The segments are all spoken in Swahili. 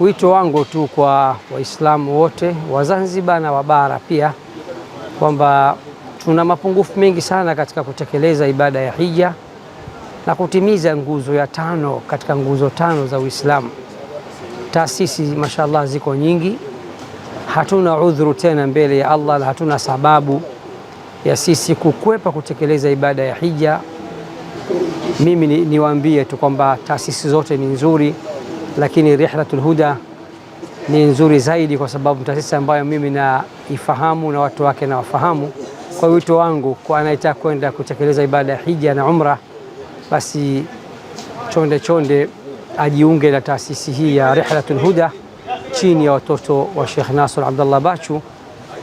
Wito wangu tu kwa Waislamu wote wa Zanzibar na wa bara pia kwamba tuna mapungufu mengi sana katika kutekeleza ibada ya hija na kutimiza nguzo ya tano katika nguzo tano za Uislamu. Taasisi mashallah ziko nyingi, hatuna udhuru tena mbele ya Allah na hatuna sababu ya sisi kukwepa kutekeleza ibada ya hija. Mimi niwaambie tu kwamba taasisi zote ni nzuri lakini Rihlatul Huda ni nzuri zaidi, kwa sababu taasisi ambayo mimi naifahamu na watu wake nawafahamu. Kwa wito wangu kwa anayetaka kwenda kutekeleza ibada ya hija na umra, basi chonde chonde ajiunge na taasisi hii ya Rihlatul Huda chini ya watoto wa Sheikh Nasr Abdullah Bachu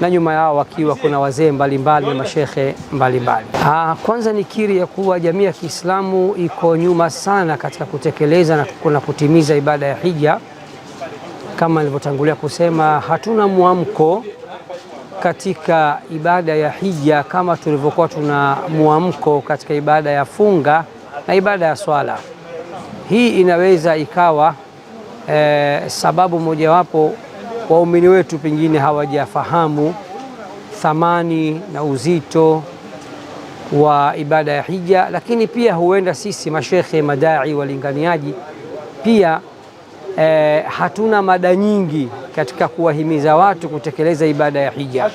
na nyuma yao wakiwa kuna wazee mbalimbali na mashehe mbalimbali. Ah, kwanza nikiri ya kuwa jamii ya Kiislamu iko nyuma sana katika kutekeleza na kutimiza ibada ya hija. Kama nilivyotangulia kusema, hatuna mwamko katika ibada ya hija kama tulivyokuwa tuna mwamko katika ibada ya funga na ibada ya swala. Hii inaweza ikawa eh, sababu mojawapo waumini wetu pengine hawajafahamu thamani na uzito wa ibada ya hija, lakini pia huenda sisi mashekhe, madai, walinganiaji pia eh, hatuna mada nyingi katika kuwahimiza watu kutekeleza ibada ya hija.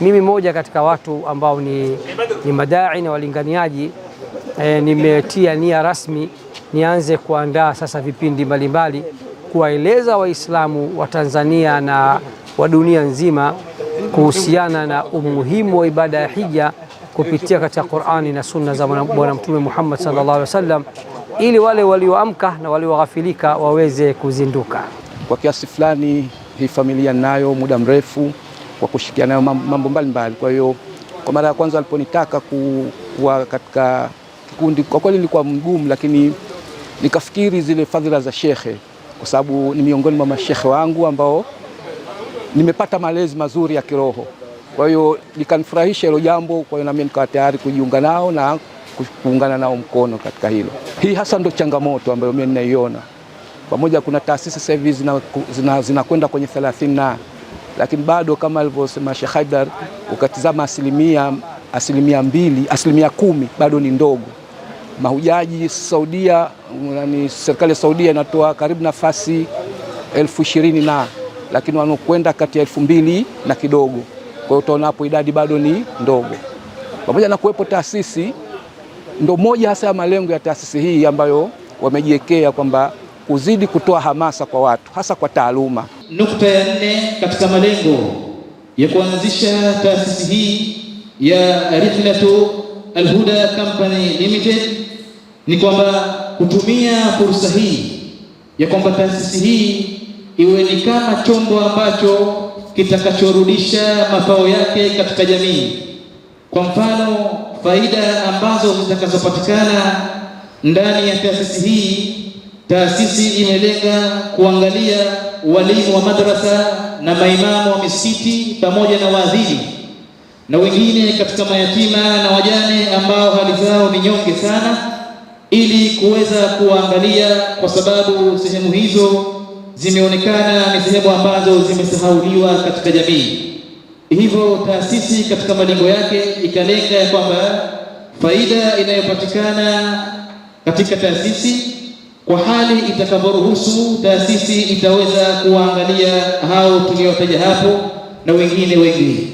Mimi moja katika watu ambao ni, ni madai na walinganiaji eh, nimetia nia rasmi nianze kuandaa sasa vipindi mbalimbali kuwaeleza Waislamu wa Tanzania na wa dunia nzima kuhusiana na umuhimu wa ibada ya hija kupitia katika Qur'ani na sunna za Bwana Mtume Muhammad sallallahu alaihi wasallam ili wale walioamka na walioghafilika waweze kuzinduka. Kwa kiasi fulani hii familia nayo muda mrefu kwa kushikia nayo mambo mbalimbali, kwa hiyo kwa mara ya kwanza waliponitaka kuwa katika kikundi, kwa kweli ilikuwa mgumu, lakini nikafikiri zile fadhila za shekhe kwa sababu ni miongoni mwa mashekhe wangu ambao nimepata malezi mazuri ya kiroho. Kwa hiyo nikanfurahisha hilo jambo, kwa hiyo nami nikawa tayari kujiunga nao na kuungana nao mkono katika hilo. Hii hasa ndio changamoto ambayo mimi ninaiona, pamoja kuna taasisi sasa hivi zinakwenda zina, zina kwenye thelathini na lakini bado kama alivyosema Sheikh Haidar, ukatizama asilimia asilimia mbili asilimia kumi bado ni ndogo mahujaji Saudia, yani serikali ya Saudia inatoa karibu nafasi elfu ishirini na lakini wanaokwenda kati ya elfu mbili na kidogo. Kwa hiyo utaona hapo idadi bado ni ndogo, pamoja na kuwepo taasisi. Ndo moja hasa ya malengo ya taasisi hii ambayo wamejiwekea kwamba kuzidi kutoa hamasa kwa watu hasa kwa taaluma. Nukta ya nne katika malengo ya kuanzisha taasisi hii ya Rihlatu Alhuda Company Limited ni kwamba kutumia fursa hii ya kwamba taasisi hii iwe ni kama chombo ambacho kitakachorudisha mafao yake katika jamii. Kwa mfano, faida ambazo zitakazopatikana ndani ya taasisi hii, taasisi imelenga kuangalia walimu wa madrasa na maimamu wa misikiti pamoja na waadhini na wengine katika mayatima na wajane ambao hali zao ni nyonge sana, ili kuweza kuwaangalia, kwa sababu sehemu hizo zimeonekana ni sehemu ambazo zimesahauliwa katika jamii. Hivyo taasisi katika malengo yake ikalenga ya kwamba faida inayopatikana katika taasisi kwa hali itakavyoruhusu taasisi itaweza kuwaangalia hao tuliowataja hapo na wengine wengine